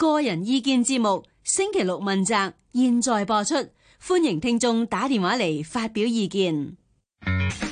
個人意見節目星期六問責，現在播出，歡迎聽眾打電話嚟發表意見。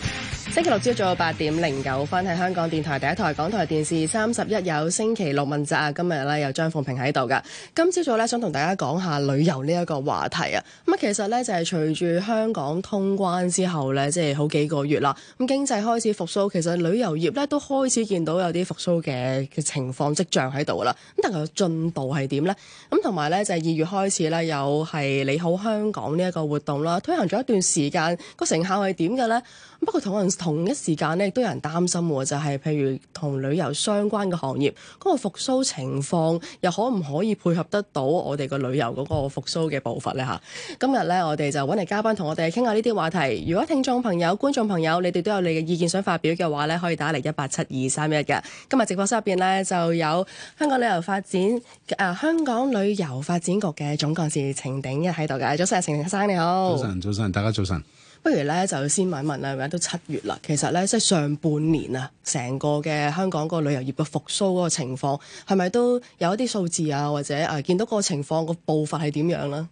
星期六朝早八點零九分，喺香港電台第一台《港台電視三十一》，有星期六問責啊。今日咧有張鳳平喺度嘅。今朝早咧想同大家講下旅遊呢一個話題啊。咁啊，其實咧就係隨住香港通關之後咧，即係好幾個月啦。咁經濟開始復甦，其實旅遊業咧都開始見到有啲復甦嘅嘅情況跡象喺度啦。咁但係個進度係點咧？咁同埋咧就係二月開始咧，有係你好香港呢一個活動啦，推行咗一段時間，個成效係點嘅咧？不過同同一時間咧，都有人擔心，就係、是、譬如同旅遊相關嘅行業，嗰、那個復甦情況又可唔可以配合得到我哋個旅遊嗰個復甦嘅步伐呢？吓，今日咧我哋就揾嚟嘉賓，同我哋傾下呢啲話題。如果聽眾朋友、觀眾朋友，你哋都有你嘅意見想發表嘅話咧，可以打嚟一八七二三一嘅。今日直播室入邊呢，就有香港旅遊發展誒、啊，香港旅遊發展局嘅總幹事程鼎一喺度嘅。早晨，程先生你好。早晨，早晨，大家早晨。不如咧就先問問啦。係咪都七月啦？其實咧，即係上半年啊，成個嘅香港個旅遊業嘅復蘇個情況，係咪都有一啲數字啊，或者誒、啊、見到個情況個步伐係點樣啦？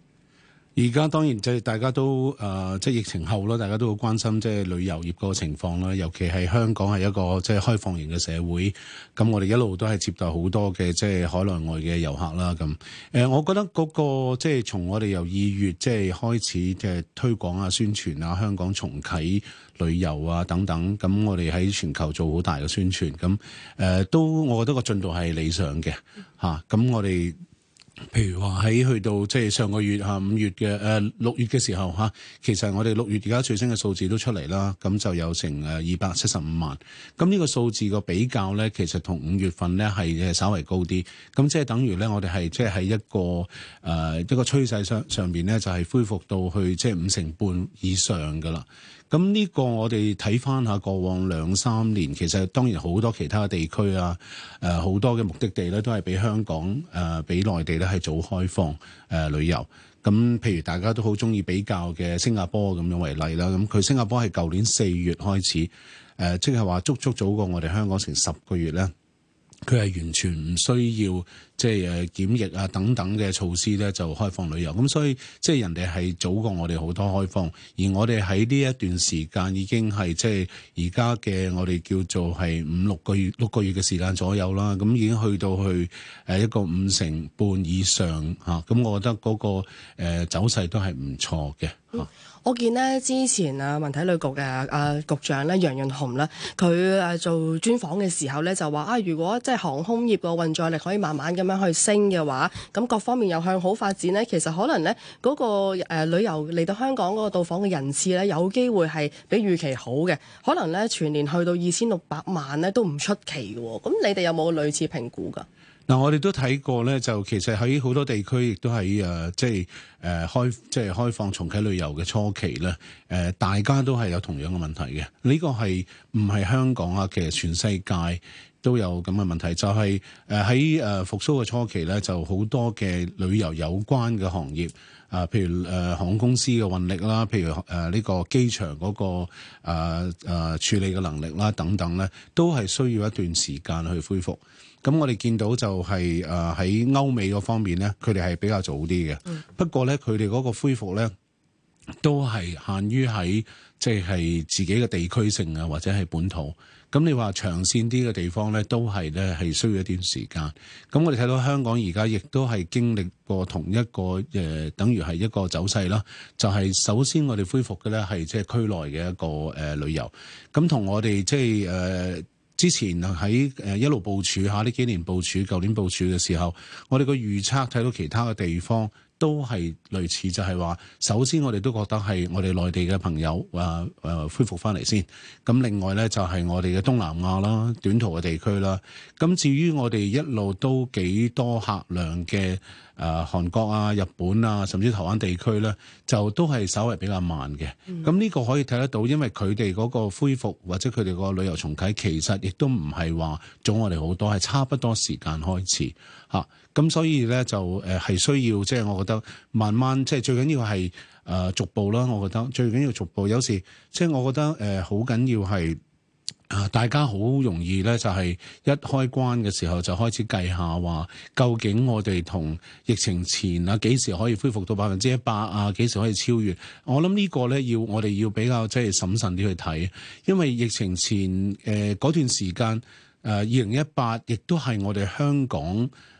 而家當然即係大家都誒、呃，即係疫情後咯，大家都好關心即係旅遊業嗰個情況啦。尤其係香港係一個即係開放型嘅社會，咁我哋一路都係接待好多嘅即係海內外嘅遊客啦。咁誒、呃，我覺得嗰、那個即係從我哋由二月即係開始嘅推廣啊、宣傳啊，香港重啟旅遊啊等等，咁我哋喺全球做好大嘅宣傳，咁誒、呃、都，我覺得個進度係理想嘅嚇。咁、啊、我哋。譬如話喺去到即係上個月吓五月嘅誒六月嘅時候吓，其實我哋六月而家最新嘅數字都出嚟啦，咁就有成誒二百七十五萬。咁呢個數字個比較咧，其實同五月份咧係稍為高啲。咁即係等於咧，我哋係即係喺一個誒、呃、一個趨勢上上邊咧，就係恢復到去即係五成半以上噶啦。咁呢個我哋睇返下過往兩三年，其實當然好多其他地區啊，誒、呃、好多嘅目的地咧，都係比香港誒、呃、比內地咧係早開放誒、呃、旅遊。咁譬如大家都好鍾意比較嘅新加坡咁樣為例啦，咁佢新加坡係舊年四月開始，誒、呃、即係話足足早過我哋香港成十個月咧，佢係完全唔需要。即係誒檢疫啊等等嘅措施咧，就開放旅遊，咁所以即係人哋係早過我哋好多開放，而我哋喺呢一段時間已經係即係而家嘅我哋叫做係五六個月、六個月嘅時間左右啦。咁已經去到去誒一個五成半以上吓，咁、啊、我覺得嗰個誒走勢都係唔錯嘅。啊、我見咧之前啊，文體旅局嘅啊局長咧楊潤雄咧，佢誒做專訪嘅時候咧就話啊，如果即係航空業個運作力可以慢慢咁。咁樣去升嘅話，咁各方面又向好發展呢。其實可能呢嗰個旅遊嚟到香港嗰個到訪嘅人次呢，有機會係比預期好嘅，可能呢全年去到二千六百萬呢都唔出奇喎。咁你哋有冇類似評估㗎？嗱、嗯，我哋都睇過呢，就其實喺好多地區，亦都係誒即係誒開即係、即係、開放重啟旅遊嘅初期呢，誒、呃、大家都係有同樣嘅問題嘅。呢、呢個係唔係香港啊？其實全世界。都有咁嘅問題，就係誒喺誒復甦嘅初期咧，就好多嘅旅遊有關嘅行業啊、呃，譬如誒、呃、航空公司嘅運力啦，譬如誒呢、呃呢個機場嗰、那個誒誒、呃呃、處理嘅能力啦等等咧，都係需要一段時間去恢復。咁我哋見到就係誒喺歐美嗰方面咧，佢哋係比較早啲嘅。不過咧，佢哋嗰個恢復咧都係限於喺即係自己嘅地區性啊，或者係本土。咁你話長線啲嘅地方咧，都係咧係需要一段時間。咁我哋睇到香港而家亦都係經歷過同一個誒、呃，等於係一個走勢啦。就係、是、首先我哋恢復嘅咧，係即係區內嘅一個誒旅遊。咁同我哋即係誒之前喺誒一路部署吓呢幾年部署、舊年部署嘅時候，我哋個預測睇到其他嘅地方。都係類似，就係話，首先我哋都覺得係我哋內地嘅朋友啊，誒恢復翻嚟先。咁另外呢，就係我哋嘅東南亞啦、短途嘅地區啦。咁至於我哋一路都幾多客量嘅。誒、呃、韓國啊、日本啊，甚至台灣地區咧，就都係稍微比較慢嘅。咁呢、嗯、個可以睇得到，因為佢哋嗰個恢復或者佢哋嗰個旅遊重啟，其實亦都唔係話早我哋好多，係差不多時間開始嚇。咁、啊、所以咧就誒係、呃、需要，即、就、係、是、我覺得慢慢，即、就、係、是、最緊要係誒、呃、逐步啦。我覺得最緊要逐步。有時即係、就是、我覺得誒好緊要係。啊！大家好容易呢就係、是、一開關嘅時候就開始計下話，究竟我哋同疫情前啊幾時可以恢復到百分之一百啊？幾時可以超越？我諗呢個呢，要我哋要比較即係審慎啲去睇，因為疫情前誒嗰段時間誒二零一八亦都係我哋香港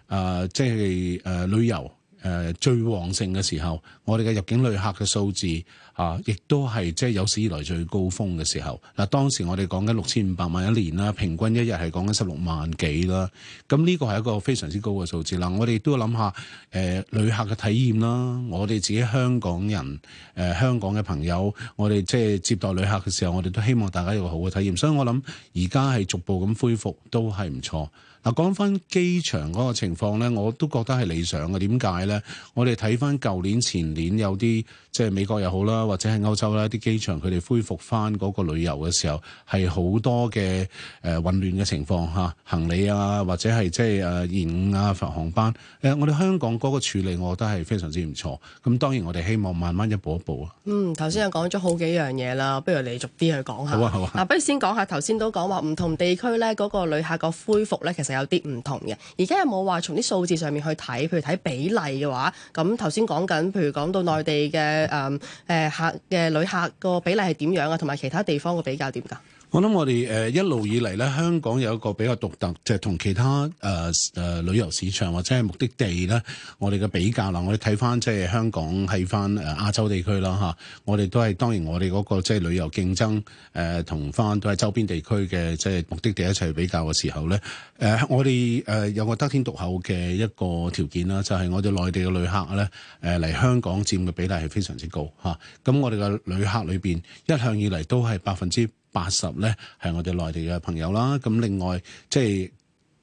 誒即係誒旅遊誒、呃、最旺盛嘅時候，我哋嘅入境旅客嘅數字。啊！亦都係即係有史以來最高峰嘅時候。嗱，當時我哋講緊六千五百萬一年啦，平均一日係講緊十六萬幾啦。咁呢個係一個非常之高嘅數字啦。我哋都要諗下誒旅客嘅體驗啦。我哋自己香港人誒、呃、香港嘅朋友，我哋即係接待旅客嘅時候，我哋都希望大家有個好嘅體驗。所以我諗而家係逐步咁恢復都係唔錯。嗱，講翻機場嗰個情況咧，我都覺得係理想嘅。點解咧？我哋睇翻舊年、前年有啲即係美國又好啦，或者係歐洲啦，啲機場佢哋恢復翻嗰個旅遊嘅時候，係好多嘅誒、呃、混亂嘅情況嚇，行李啊，或者係即係誒延誤啊、航、呃呃、班。誒、呃，我哋香港嗰個處理，我覺得係非常之唔錯。咁當然，我哋希望慢慢一步一步啊。嗯，頭先又講咗好幾樣嘢啦，不如你逐啲去講下。好啊，好啊。嗱、啊，不如先講下頭先都講話唔同地區咧嗰、嗰個旅客個恢復咧，其實。有啲唔同嘅，而家有冇話從啲數字上面去睇，譬如睇比例嘅話，咁頭先講緊，譬如講到內地嘅誒誒客嘅旅客個比例係點樣啊，同埋其他地方嘅比較點噶？我諗我哋誒一路以嚟咧，香港有一個比較獨特，即係同其他誒誒、呃呃呃、旅遊市場或者係目的地咧，我哋嘅比較啦。我哋睇翻即係香港喺翻誒亞洲地區啦吓，我哋都係當然我哋嗰個即係旅遊競爭誒同翻都係周邊地區嘅即係目的地一齊比較嘅時候咧誒、呃，我哋誒有個得天獨厚嘅一個條件啦，就係、是、我哋內地嘅旅客咧誒嚟香港佔嘅比例係非常之高吓。咁、啊、我哋嘅旅客裏邊一向以嚟都係百分之。八十咧係我哋內地嘅朋友啦，咁另外即係、就是、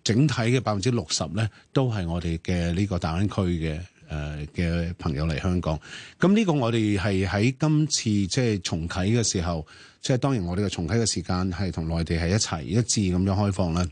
整體嘅百分之六十咧，都係我哋嘅呢個大灣區嘅誒嘅朋友嚟香港。咁呢個我哋係喺今次即係重啟嘅時候，即、就、係、是、當然我哋嘅重啟嘅時間係同內地係一齊一致咁樣開放啦。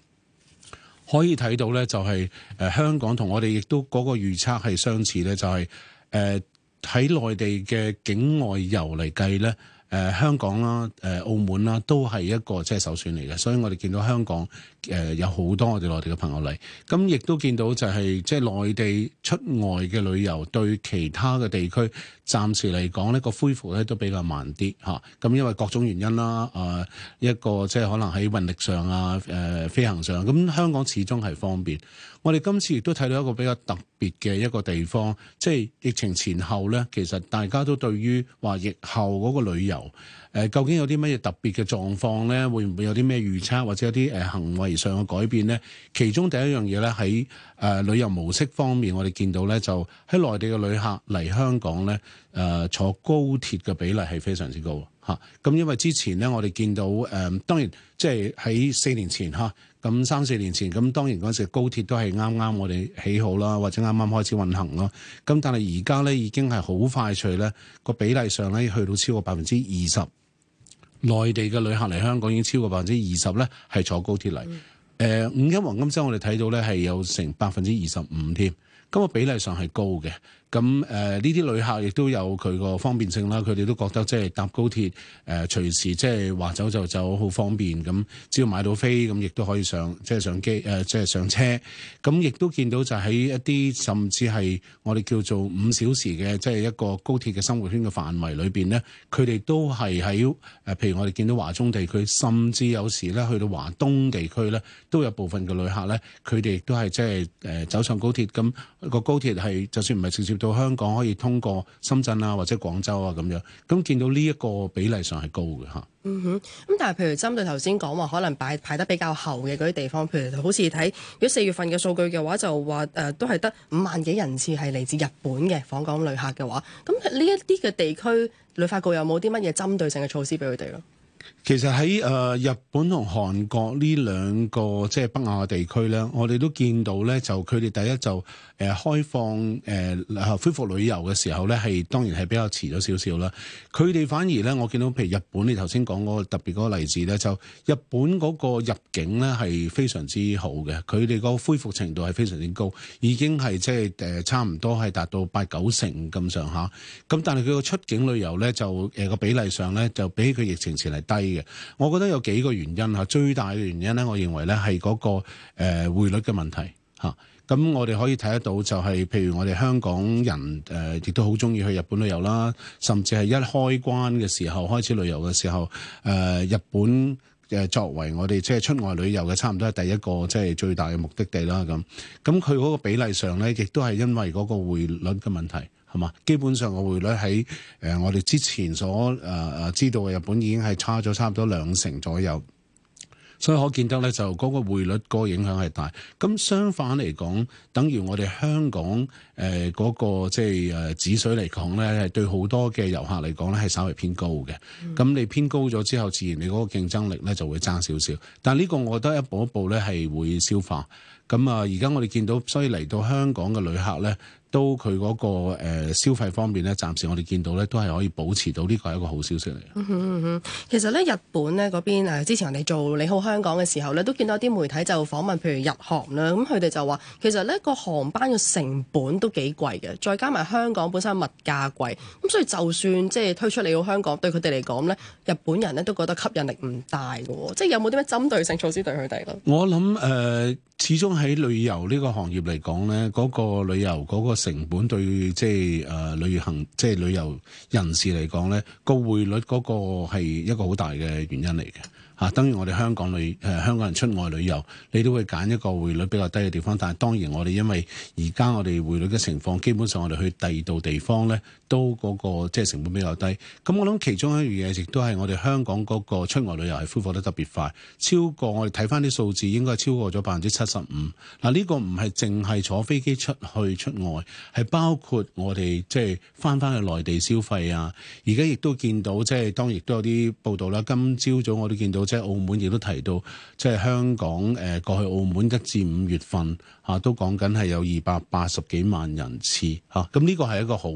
可以睇到咧，就係誒香港同我哋亦都嗰個預測係相似咧，就係誒喺內地嘅境外遊嚟計咧。誒、呃、香港啦、啊，誒、呃、澳門啦、啊，都係一個即係首選嚟嘅，所以我哋見到香港誒、呃、有好多我哋內地嘅朋友嚟，咁亦都見到就係、是、即係內地出外嘅旅遊對其他嘅地區。暫時嚟講呢個恢復咧都比較慢啲嚇，咁因為各種原因啦，誒，一個即係可能喺運力上啊，誒，飛行上，咁香港始終係方便。我哋今次亦都睇到一個比較特別嘅一個地方，即係疫情前後咧，其實大家都對於話疫後嗰個旅遊。誒，究竟有啲乜嘢特別嘅狀況咧？會唔會有啲咩預測，或者有啲誒行為上嘅改變咧？其中第一樣嘢咧，喺誒、呃、旅遊模式方面，我哋見到咧，就喺內地嘅旅客嚟香港咧，誒、呃、坐高鐵嘅比例係非常之高嚇。咁、啊、因為之前咧，我哋見到誒、呃，當然即係喺四年前嚇，咁三四年前，咁、啊、當然嗰陣時高鐵都係啱啱我哋起好啦，或者啱啱開始運行咯。咁、啊、但係而家咧已經係好快脆咧，個比例上咧去到超過百分之二十。內地嘅旅客嚟香港已經超過百分之二十咧，係坐高鐵嚟。誒、嗯呃，五一黃金週我哋睇到咧係有成百分之二十五添，咁個比例上係高嘅。咁誒呢啲旅客亦都有佢個方便性啦，佢哋都覺得即係搭高鐵誒、呃、隨時即係話走就走好方便，咁、嗯、只要買到飛，咁亦都可以上即係、就是、上機，誒即係上車，咁、嗯、亦都見到就喺一啲甚至係我哋叫做五小時嘅即係一個高鐵嘅生活圈嘅範圍裏邊咧，佢哋都係喺誒譬如我哋見到華中地區，甚至有時咧去到華東地區咧，都有部分嘅旅客咧，佢哋亦都係即係誒走上高鐵，咁、個高鐵係就算唔係直接。到香港可以通過深圳啊，或者廣州啊咁樣，咁見到呢一個比例上係高嘅吓。嗯哼，咁但係譬如針對頭先講話可能擺排得比較後嘅嗰啲地方，譬如好似睇如果四月份嘅數據嘅話，就話誒、呃、都係得五萬幾人次係嚟自日本嘅訪港旅客嘅話，咁呢一啲嘅地區旅發局有冇啲乜嘢針對性嘅措施俾佢哋咯？其實喺誒、呃、日本同韓國呢兩個即係、就是、北亞嘅地區咧，我哋都見到咧，就佢哋第一就。誒開放誒、呃、恢復旅遊嘅時候咧，係當然係比較遲咗少少啦。佢哋反而咧，我見到譬如日本，你頭先講嗰個特別嗰個例子咧，就日本嗰個入境咧係非常之好嘅，佢哋個恢復程度係非常之高，已經係即係誒差唔多係達到八九成咁上下。咁但係佢個出境旅遊咧就誒個、呃、比例上咧就比起佢疫情前係低嘅。我覺得有幾個原因吓，最大嘅原因咧，我認為咧係嗰個誒、呃、匯率嘅問題吓。啊。咁我哋可以睇得到、就是，就係譬如我哋香港人誒，亦、呃、都好鍾意去日本旅遊啦。甚至係一開關嘅時候開始旅遊嘅時候，誒、呃、日本誒、呃、作為我哋即係出外旅遊嘅差唔多係第一個即係、就是、最大嘅目的地啦。咁，咁佢嗰個比例上咧，亦都係因為嗰個匯率嘅問題，係嘛？基本上個匯率喺誒、呃、我哋之前所誒誒、呃、知道嘅日本已經係差咗差唔多兩成左右。所以可見得咧，就嗰個匯率嗰個影響係大。咁相反嚟講，等於我哋香港誒嗰、呃那個即係誒紙水嚟講咧，係對好多嘅遊客嚟講咧係稍微偏高嘅。咁、嗯、你偏高咗之後，自然你嗰個競爭力咧就會差少少。嗯、但係呢個，我覺得一步一步咧係會消化。咁啊，而家我哋見到，所以嚟到香港嘅旅客咧，都佢嗰個、呃、消費方面呢，暫時我哋見到呢都係可以保持到，呢個係一個好消息嚟、嗯。嗯、其實呢，日本呢嗰邊、呃、之前人哋做你好香港嘅時候呢，都見到啲媒體就訪問，譬如日韓啦，咁佢哋就話，其實呢個航班嘅成本都幾貴嘅，再加埋香港本身物價貴，咁所以就算即係推出你好香港，對佢哋嚟講呢，日本人呢都覺得吸引力唔大嘅喎，即係有冇啲咩針對性措施對佢哋咯？我諗誒、呃，始終喺旅遊呢個行業嚟講呢，嗰個旅遊嗰個成本對即係旅行即係，就是，旅遊人士嚟講咧，高匯率，個匯率嗰個係一個好大嘅原因嚟嘅嚇。等、啊、於我哋香港旅誒、呃、香港人出外旅遊，你都會揀一個匯率比較低嘅地方。但係當然我哋因為而家我哋匯率嘅情況，基本上我哋去第二度地方呢。都嗰、那個即係、就是、成本比較低，咁我諗其中一樣嘢亦都係我哋香港嗰個出外旅遊係恢復得特別快，超過我哋睇翻啲數字，應該係超過咗百分之七十五。嗱呢個唔係淨係坐飛機出去出外，係包括我哋即係翻翻去內地消費啊。而家亦都見到即係、就是、當亦都有啲報道啦，今朝早，早我都見到即係、就是、澳門亦都提到，即、就、係、是、香港誒、呃、過去澳門一至五月份嚇、啊、都講緊係有二百八十幾萬人次吓，咁、啊、呢個係一個好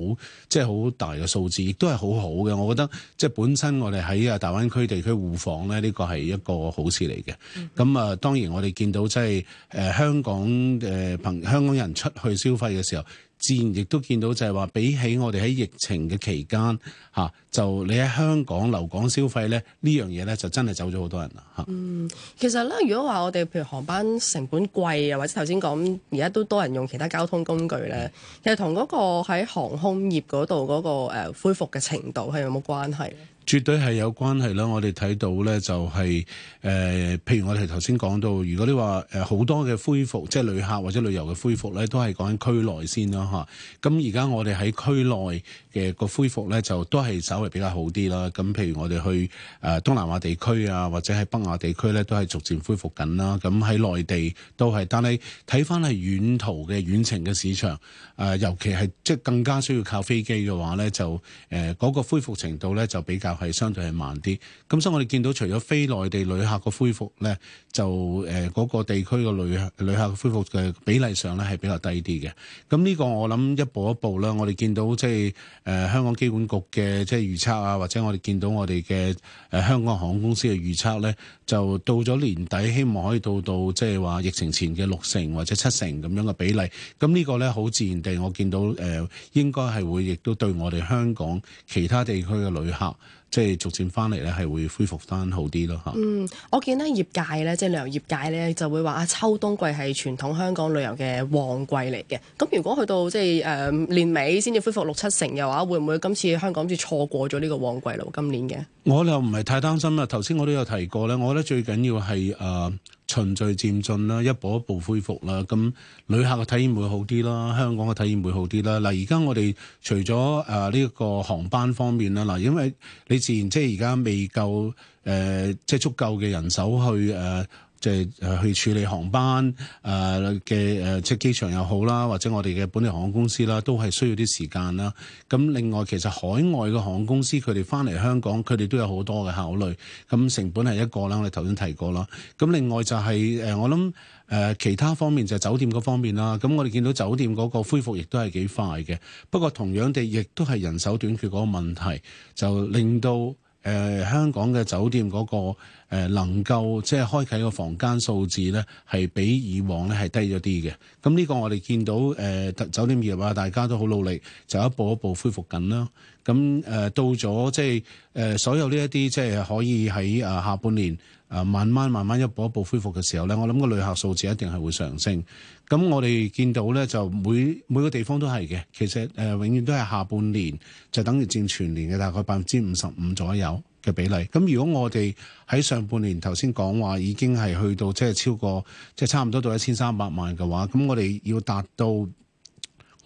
即係。就是好大嘅數字，亦都係好好嘅。我覺得即係本身我哋喺啊，大灣區地區互訪咧，呢個係一個好事嚟嘅。咁啊、mm hmm.，當然我哋見到即係誒香港誒朋、呃、香港人出去消費嘅時候，自然亦都見到就係話，比起我哋喺疫情嘅期間嚇，就你喺香港留港消費咧，呢樣嘢咧就真係走咗好多人啦嚇。嗯，其實咧，如果話我哋譬如航班成本貴啊，或者頭先講而家都多人用其他交通工具咧，其實同嗰個喺航空業嗰度嗰個、呃、恢復嘅程度係有冇關係？絕對係有關係啦！我哋睇到呢、就係，就係誒，譬如我哋頭先講到，如果你話誒好多嘅恢復，即係旅客或者旅遊嘅恢復呢，都係講喺區內先啦嚇。咁而家我哋喺區內嘅個恢復咧就都係稍微比較好啲啦。咁譬如我哋去誒、呃、東南亞地區啊，或者喺北亞地區咧，都係逐漸恢復緊啦。咁喺內地都係，但係睇翻係遠途嘅遠程嘅市場，誒、呃、尤其係即係更加需要靠飛機嘅話咧，就誒、呃那個恢復程度咧就比較係相對係慢啲。咁所以我哋見到除咗非內地旅客嘅恢復咧，就誒、呃那個地區嘅旅，旅客旅客嘅恢復嘅比例上咧係比較低啲嘅。咁呢個我諗一步一步啦，我哋見到即、就、係、是。誒香港機管局嘅即係預測啊，或者我哋見到我哋嘅誒香港航空公司嘅預測呢就到咗年底希望可以到到即係話疫情前嘅六成或者七成咁樣嘅比例。咁、這、呢個呢，好自然地，我見到誒、呃、應該係會、呃、會亦都對我哋香港其他地區嘅旅客，即係逐漸翻嚟呢，係會恢復翻好啲咯嚇。嗯，我見咧業界呢，即係旅遊業界呢，就會話啊，秋冬季係傳統香港旅遊嘅旺季嚟嘅。咁如果去到即係誒年尾先至恢復六七成嘅話。啊！會唔會今次香港好似錯過咗呢個旺季咯？今年嘅，我又唔係太擔心啦。頭先我都有提過咧，我覺得最緊要係誒循序漸進啦，一步一步恢復啦。咁、呃、旅客嘅體驗會好啲啦，香港嘅體驗會好啲啦。嗱、呃，而家我哋除咗誒呢個航班方面啦，嗱、呃，因為你自然即係而家未夠誒，即係足夠嘅人手去誒。呃即去處理航班誒嘅誒，即係機場又好啦，或者我哋嘅本地航空公司啦，都係需要啲時間啦。咁另外，其實海外嘅航空公司佢哋翻嚟香港，佢哋都有好多嘅考慮。咁成本係一個啦，我哋頭先提過啦。咁另外就係誒，我諗誒其他方面就酒店嗰方面啦。咁我哋見到酒店嗰個恢復亦都係幾快嘅。不過同樣地，亦都係人手短缺嗰個問題，就令到，誒、呃、香港嘅酒店嗰、那個、呃、能夠即係開啟嘅房間數字咧，係比以往咧係低咗啲嘅。咁呢個我哋見到誒、呃、酒店業啊，大家都好努力，就一步一步恢復緊啦。咁誒、呃、到咗即係誒、呃、所有呢一啲即係可以喺誒下半年。啊，慢慢慢慢一步一步恢復嘅時候呢，我諗個旅客數字一定係會上升。咁我哋見到呢，就每每個地方都係嘅。其實誒、呃，永遠都係下半年就等於佔全年嘅大概百分之五十五左右嘅比例。咁如果我哋喺上半年頭先講話已經係去到即係超過即係差唔多到一千三百萬嘅話，咁我哋要達到。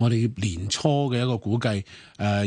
我哋年初嘅一個估計，誒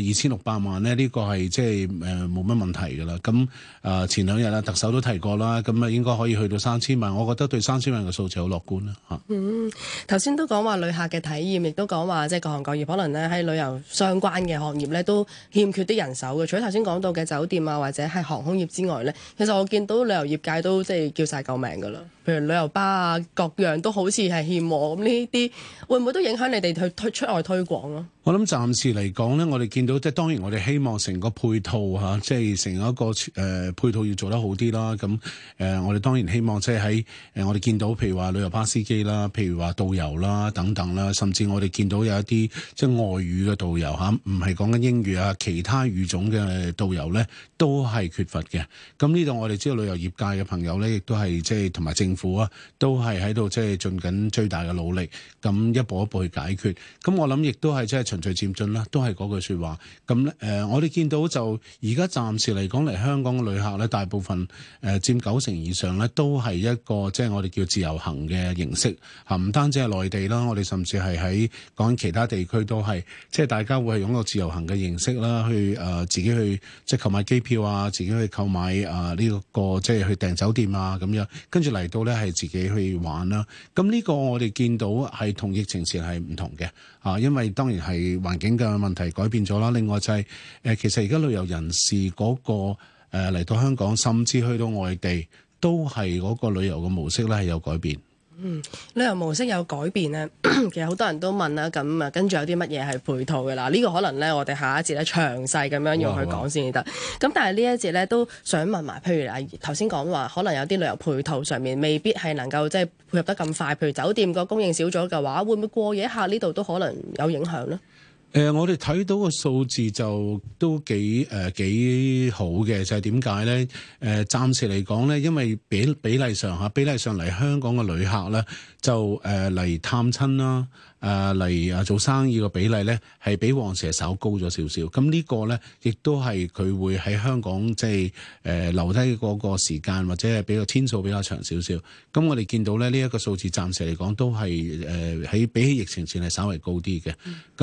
二千六百萬咧，呢、呢個係即係誒冇乜問題㗎啦。咁、呃、誒前兩日啊，特首都提過啦，咁、嗯、啊應該可以去到三千萬。我覺得對三千萬嘅數字好樂觀啦嚇。啊、嗯，頭先都講話旅客嘅體驗，亦都講話即係各行各業，可能咧喺旅遊相關嘅行業咧都欠缺啲人手嘅。除咗頭先講到嘅酒店啊，或者係航空業之外咧，其實我見到旅遊業界都即係叫晒救命㗎啦。譬如旅遊巴啊，各樣都好似係欠望，咁呢啲會唔會都影響你哋去推出外推廣咯、啊？我諗暫時嚟講咧，我哋見到即係當然，我哋希望成個配套嚇、啊，即係成一個誒、呃、配套要做得好啲啦。咁、啊、誒、呃，我哋當然希望即係喺誒我哋見到，譬如話旅遊巴司機啦，譬如話導遊啦等等啦，甚至我哋見到有一啲即係外語嘅導遊嚇，唔係講緊英語啊，其他語種嘅導遊咧都係缺乏嘅。咁呢度我哋知道旅遊業界嘅朋友咧，亦都係即係同埋正。府啊，都係喺度即係盡緊最大嘅努力，咁一步一步去解決。咁我諗亦都係即係循序漸進啦，都係嗰句說話。咁咧誒，我哋見到就而家暫時嚟講嚟香港嘅旅客咧，大部分誒佔、呃、九成以上咧，都係一個即係、就是、我哋叫自由行嘅形式吓，唔、啊、單止係內地啦，我哋甚至係喺講其他地區都係即係大家會係用個自由行嘅形式啦，去誒、呃、自己去即係購買機票啊，自己去購買啊呢、呃這個即係、就是、去訂酒店啊咁樣，跟住嚟到。咧係自己去玩啦，咁、這、呢個我哋見到係同疫情前係唔同嘅，啊，因為當然係環境嘅問題改變咗啦，另外就係、是、誒、呃，其實而家旅遊人士嗰、那個誒嚟、呃、到香港，甚至去到外地，都係嗰個旅遊嘅模式咧係有改變。嗯，旅遊模式有改變咧， 其實好多人都問啦，咁啊跟住有啲乜嘢係配套嘅啦？呢個可能咧，我哋下一節咧詳細咁樣要去講先得。咁但係呢一節咧都想問埋，譬如啊頭先講話，可能有啲旅遊配套上面未必係能夠即係配合得咁快，譬如酒店個供應少咗嘅話，會唔會過夜客呢度都可能有影響咧？誒、呃，我哋睇到個數字就都幾誒、呃、幾好嘅，就係點解咧？誒、呃，暫時嚟講咧，因為比比例上嚇，比例上嚟香港嘅旅客咧，就誒嚟探親啦。誒嚟誒做生意嘅比例咧，係比往時稍高咗少少。咁呢個咧，亦都係佢會喺香港即係誒留低個時間或者係比較天數比較長少少。咁我哋見到咧，呢、這、一個數字暫時嚟講都係誒喺比起疫情前係稍微高啲嘅。咁、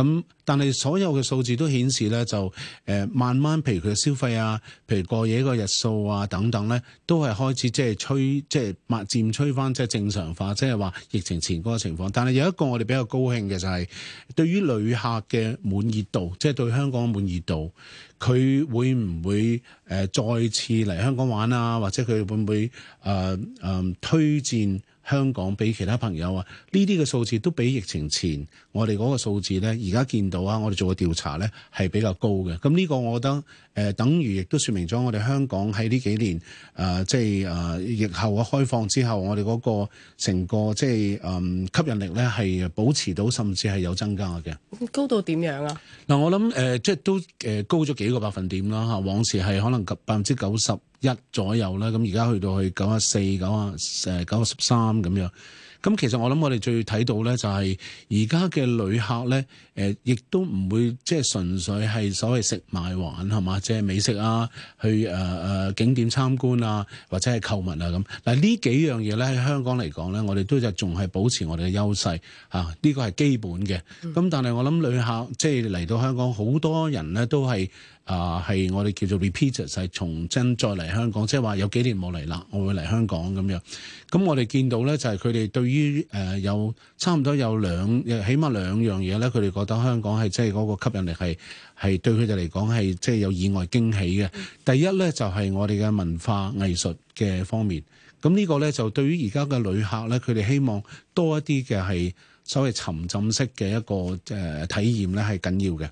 嗯、但係所有嘅數字都顯示咧，就誒、呃、慢慢譬如佢嘅消費啊，譬如過夜個日數啊等等咧，都係開始即係吹即係慢漸吹翻即係正常化，即係話疫情前個情況，但係有一個我哋比較高。嘅就係、是、對於旅客嘅滿意度，即、就、係、是、對香港滿意度，佢會唔會誒再次嚟香港玩啊？或者佢會唔會誒誒、呃呃、推薦香港俾其他朋友啊？呢啲嘅數字都比疫情前。我哋嗰個數字咧，而家見到啊，我哋做嘅調查咧係比較高嘅。咁、這、呢個我覺得誒、呃，等於亦都說明咗我哋香港喺呢幾年誒、呃，即係誒、呃、疫後嘅開放之後，我哋嗰個成個即係誒、呃、吸引力咧係保持到，甚至係有增加嘅。高到點樣啊？嗱、呃，我諗誒、呃，即係都誒高咗幾個百分點啦嚇。往時係可能百分之九十一左右啦，咁而家去到去九啊四、九啊誒九啊十三咁樣。咁其實我諗我哋最睇到咧，就係而家嘅旅客咧，誒亦都唔會即係純粹係所謂食買玩係嘛，即係美食啊，去誒誒、呃、景點參觀啊，或者係購物啊咁。嗱，呢幾樣嘢咧喺香港嚟講咧，我哋都就仲係保持我哋嘅優勢啊，呢個係基本嘅。咁、嗯、但係我諗旅客即係嚟到香港，好多人咧都係啊，係、呃、我哋叫做 repeaters，係重登再嚟香港，即係話有幾年冇嚟啦，我會嚟香港咁樣。咁我哋見到咧，就係佢哋對於誒、呃、有差唔多有兩起碼兩樣嘢咧，佢哋覺得香港係即係嗰個吸引力係係對佢哋嚟講係即係有意外驚喜嘅。第一咧就係、是、我哋嘅文化藝術嘅方面，咁呢個咧就對於而家嘅旅客咧，佢哋希望多一啲嘅係所謂沉浸式嘅一個誒、呃、體驗咧係緊要嘅。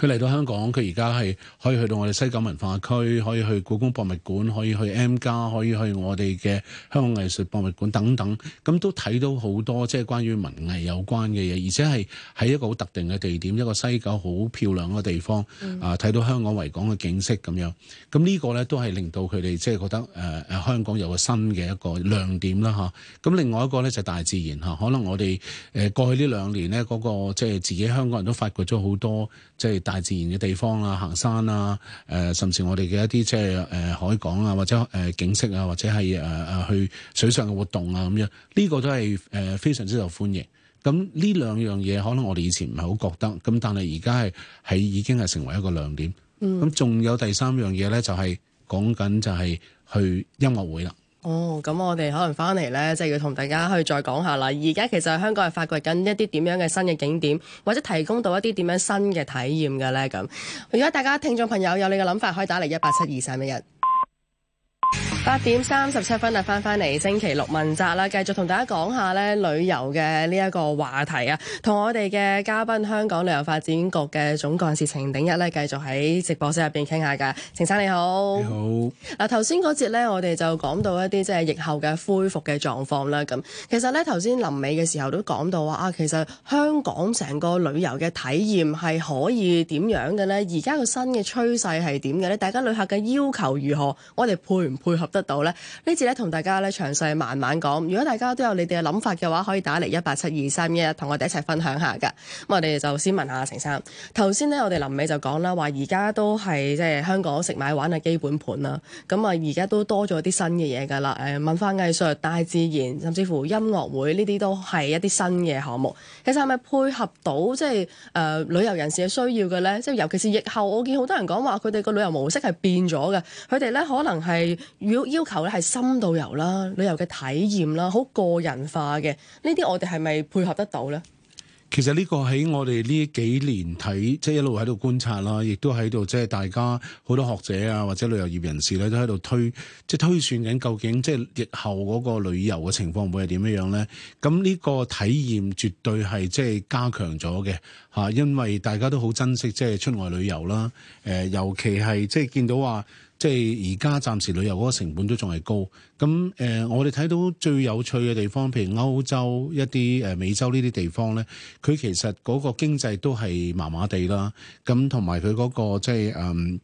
佢嚟到香港，佢而家係可以去到我哋西九文化區，可以去故宮博物館，可以去 M+，可以去我哋嘅香港藝術博物館等等，咁都睇到好多即係關於文藝有關嘅嘢，而且係喺一個好特定嘅地點，一個西九好漂亮嘅地方，啊睇到香港維港嘅景色咁樣，咁、這、呢個咧都係令到佢哋即係覺得誒誒香港有個新嘅一個亮點啦吓，咁另外一個咧就大自然吓，可能我哋誒過去呢兩年咧嗰個即係自己香港人都發掘咗好多即係。大自然嘅地方啊，行山啊，誒、呃，甚至我哋嘅一啲即係誒海港啊，或者誒、呃、景色啊，或者係誒誒去水上嘅活動啊，咁樣呢、呢個都係誒、呃、非常之受歡迎。咁呢兩樣嘢可能我哋以前唔係好覺得，咁但係而家係係已經係成為一個亮點。咁仲、嗯、有第三樣嘢咧、就是，就係講緊就係去音樂會啦。哦，咁、oh，我哋可能翻嚟呢，即、就、係、是、要同大家去再講下啦。而家其實香港係發掘緊一啲點樣嘅新嘅景點，或者提供到一啲點樣嘅新嘅體驗嘅呢？咁，如果大家聽眾朋友有你嘅諗法，可以打嚟一八七二三一一。八點三十七分啊，返返嚟星期六問責啦，繼續同大家講下咧旅遊嘅呢一個話題啊，同我哋嘅嘉賓香港旅遊發展局嘅總幹事程鼎一咧，繼續喺直播室入邊傾下噶。程生你好。你好。嗱，頭先嗰節咧，我哋就講到一啲即係疫後嘅恢復嘅狀況啦。咁其實咧頭先臨尾嘅時候都講到話啊，其實香港成個旅遊嘅體驗係可以點樣嘅呢？而家個新嘅趨勢係點嘅呢？大家旅客嘅要求如何？我哋配唔配合？得到咧，次呢次咧同大家咧詳細慢慢講。如果大家都有你哋嘅諗法嘅話，可以打嚟一八七二三一一同我哋一齊分享下噶。咁、嗯、我哋就先問下阿程生。頭先咧，我哋臨尾就講啦，話而家都係即係香港食買玩嘅基本盤啦。咁、嗯、啊，而家都多咗啲新嘅嘢噶啦。誒，文化藝術、大自然，甚至乎音樂會呢啲都係一啲新嘅項目。其實係咪配合到即係誒、呃、旅遊人士嘅需要嘅咧？即係尤其是疫後，我見好多人講話佢哋個旅遊模式係變咗嘅。佢哋咧可能係要。要求咧係深度遊啦，旅遊嘅體驗啦，好個人化嘅，呢啲我哋係咪配合得到咧？其實呢個喺我哋呢幾年睇，即係一路喺度觀察啦，亦都喺度即係大家好多學者啊，或者旅遊業人士咧都喺度推，即係推算緊究竟即係日後嗰個旅遊嘅情況會係點樣樣咧？咁、這、呢個體驗絕對係即係加強咗嘅吓，因為大家都好珍惜即係出外旅遊啦，誒，尤其係即係見到話。即係而家暫時旅遊嗰個成本都仲係高，咁誒、呃、我哋睇到最有趣嘅地方，譬如歐洲一啲誒、呃、美洲呢啲地方咧，佢其實嗰個經濟都係麻麻地啦，咁同埋佢嗰個即係誒、嗯、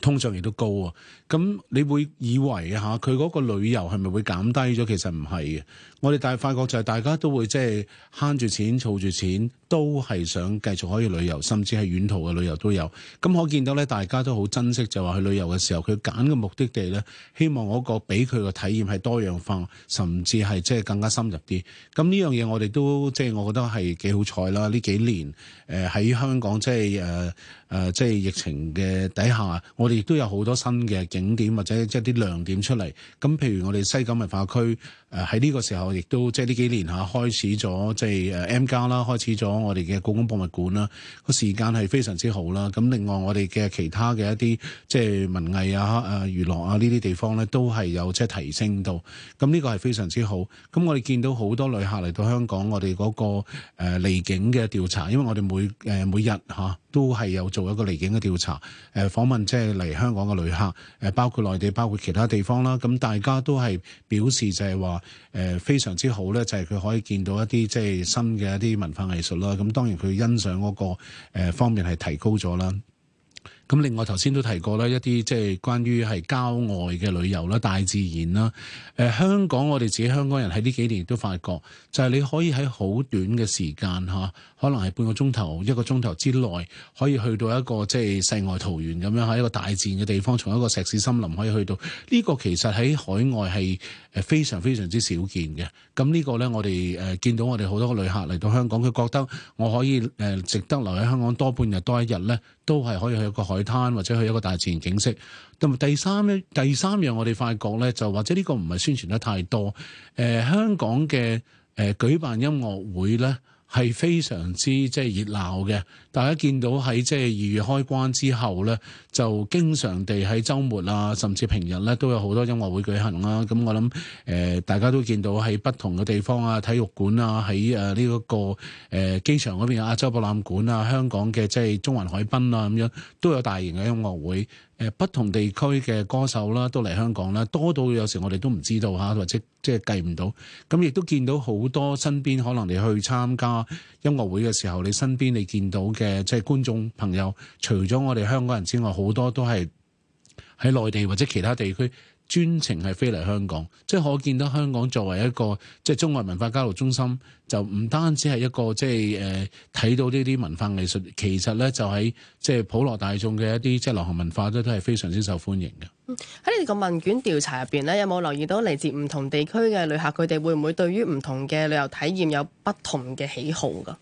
通脹亦都高啊。咁你會以為嚇佢嗰個旅遊係咪會減低咗？其實唔係嘅。我哋大發覺就係大家都會即係慳住錢、儲住錢，都係想繼續可以旅遊，甚至係遠途嘅旅遊都有。咁可見到咧，大家都好珍惜就話去旅遊嘅時候，佢揀嘅目的地咧，希望嗰個俾佢嘅體驗係多樣化，甚至係即係更加深入啲。咁呢樣嘢我哋都即係我覺得係幾好彩啦。呢幾年誒喺香港即係誒誒即係疫情嘅底下，我哋亦都有好多新嘅。景點或者即係啲亮點出嚟，咁譬如我哋西九文化區。誒喺呢個時候，亦都即係呢幾年嚇開始咗，即係誒 M 加啦，開始咗、就是、我哋嘅國安博物館啦，個時間係非常之好啦。咁另外我哋嘅其他嘅一啲即係文藝啊、誒娛樂啊呢啲地方咧，都係有即係提升到。咁呢個係非常之好。咁我哋、就是啊啊啊就是、見到好多旅客嚟到香港，我哋嗰個誒離境嘅調查，因為我哋每誒每日嚇、啊、都係有做一個離境嘅調查，誒訪問即係嚟香港嘅旅客，誒包括內地、包括其他地方啦。咁大家都係表示就係話。誒非常之好咧，就係佢可以見到一啲即係新嘅一啲文化藝術啦。咁當然佢欣賞嗰個誒方面係提高咗啦。咁另外頭先都提過啦，一啲即係關於係郊外嘅旅遊啦、大自然啦。誒、呃，香港我哋自己香港人喺呢幾年都發覺，就係、是、你可以喺好短嘅時間嚇，可能係半個鐘頭、一個鐘頭之內，可以去到一個即係世外桃源咁樣喺一個大自然嘅地方，從一個石屎森林可以去到呢、這個，其實喺海外係誒非常非常之少見嘅。咁呢個呢，我哋誒、呃、見到我哋好多個旅客嚟到香港，佢覺得我可以誒值得留喺香港多半日多一日呢。都係可以去一個海灘，或者去一個大自然景色。同埋第三咧，第三樣我哋發覺咧，就或者呢個唔係宣傳得太多。誒、呃，香港嘅誒、呃、舉辦音樂會咧，係非常之即係熱鬧嘅。大家見到喺即係二月開關之後呢，就經常地喺週末啊，甚至平日呢都有好多音樂會舉行啦。咁我諗誒、呃，大家都見到喺不同嘅地方啊，體育館啊，喺誒呢一個誒、呃、機場嗰邊亞洲博覽館啊，香港嘅即係中環海濱啊咁樣都有大型嘅音樂會。誒、呃，不同地區嘅歌手啦都嚟香港啦，多到有時我哋都唔知道吓，或者即係計唔到。咁亦都見到好多身邊可能你去參加音樂會嘅時候，你身邊你見到嘅。誒，即係觀眾朋友，除咗我哋香港人之外，好多都係喺內地或者其他地區專程係飛嚟香港。即係可見到香港作為一個即係中外文化交流中心，就唔單止係一個即係誒睇到呢啲文化藝術，其實咧就喺即係普羅大眾嘅一啲即係流行文化咧，都係非常之受歡迎嘅。喺你哋個問卷調查入邊咧，有冇留意到嚟自唔同地區嘅旅客，佢哋會唔會對於唔同嘅旅遊體驗有不同嘅喜好噶？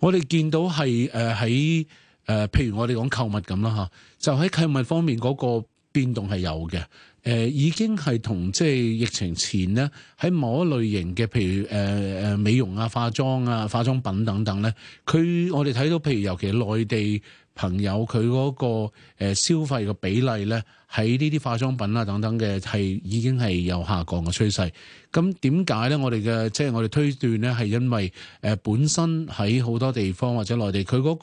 我哋見到係誒喺誒，譬如我哋講購物咁啦吓，就喺購物方面嗰個變動係有嘅。誒、呃、已經係同即係疫情前咧，喺某一類型嘅譬如誒誒、呃、美容啊、化妝啊化妝品等等咧，佢我哋睇到譬如尤其係內地朋友佢嗰個消費嘅比例咧。喺呢啲化妝品啊等等嘅，係已經係有下降嘅趨勢，咁點解咧？我哋嘅即係我哋推斷咧係因為誒本身喺好多地方或者內地，佢嗰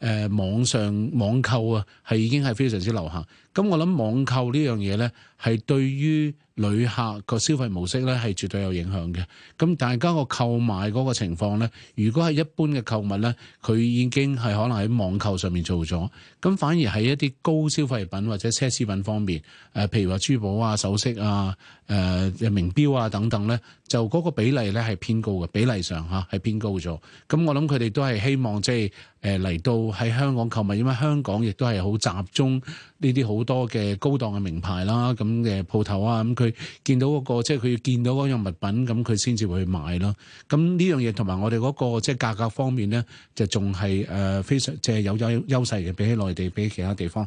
個誒網上網購啊係已經係非常之流行。咁我諗網購呢樣嘢咧係對於旅客個消費模式咧係絕對有影響嘅。咁大家個購買嗰個情況咧，如果係一般嘅購物咧，佢已經係可能喺網購上面做咗，咁反而係一啲高消費品或者奢侈品。方面，誒，譬如話珠寶啊、首飾啊、誒、呃，名錶啊等等咧，就嗰個比例咧係偏高嘅，比例上嚇係偏高咗。咁我諗佢哋都係希望即係誒嚟到喺香港購物，因為香港亦都係好集中呢啲好多嘅高檔嘅名牌啦，咁嘅鋪頭啊，咁佢見到嗰個即係佢見到嗰樣物品，咁佢先至會去買咯。咁呢樣嘢同埋我哋嗰個即係價格方面咧，就仲係誒非常即係有優優勢嘅，比起內地，比起其他地方。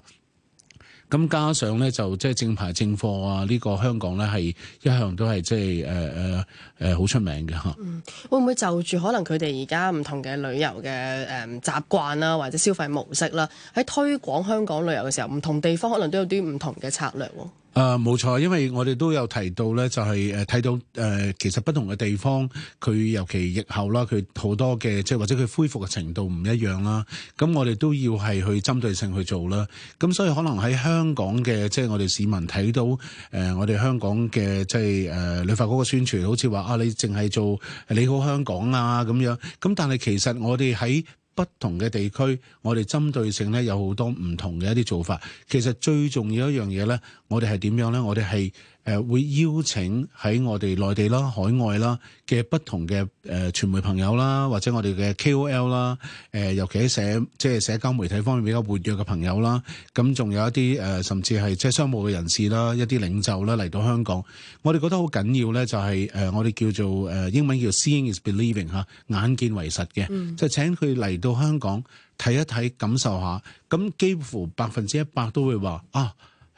咁加上咧就即係正牌正貨啊！呢、這個香港咧係一向都係即係誒誒誒好出名嘅嚇。嗯，會唔會就住可能佢哋而家唔同嘅旅遊嘅誒習慣啦，呃、或者消費模式啦，喺推廣香港旅遊嘅時候，唔同地方可能都有啲唔同嘅策略喎。誒，冇錯，嗯，因為我哋都有提到咧，就係誒睇到誒、呃，其實不同嘅地方，佢尤其疫後啦，佢好多嘅即係或者佢恢復嘅程度唔一樣啦。咁我哋都要係去針對性去做啦。咁所以可能喺香港嘅，即係我哋市民睇到誒、呃，我哋香港嘅即係誒，旅發局嘅宣傳，好似話啊，你淨係做你好香港啊咁樣。咁但係其實我哋喺不同嘅地區，我哋針對性咧有好多唔同嘅一啲做法。其實最重要一樣嘢咧。我哋係點樣呢？我哋係誒會邀請喺我哋內地啦、海外啦嘅不同嘅誒傳媒朋友啦，或者我哋嘅 KOL 啦，誒尤其係社即係社交媒體方面比較活躍嘅朋友啦，咁仲有一啲誒甚至係即係商務嘅人士啦、一啲領袖啦嚟到香港，我哋覺得好緊要呢，就係誒我哋叫做誒英文叫 Seeing is believing 嚇，眼見為實嘅，嗯、就請佢嚟到香港睇一睇、感受下，咁幾乎百分之一百都會話啊！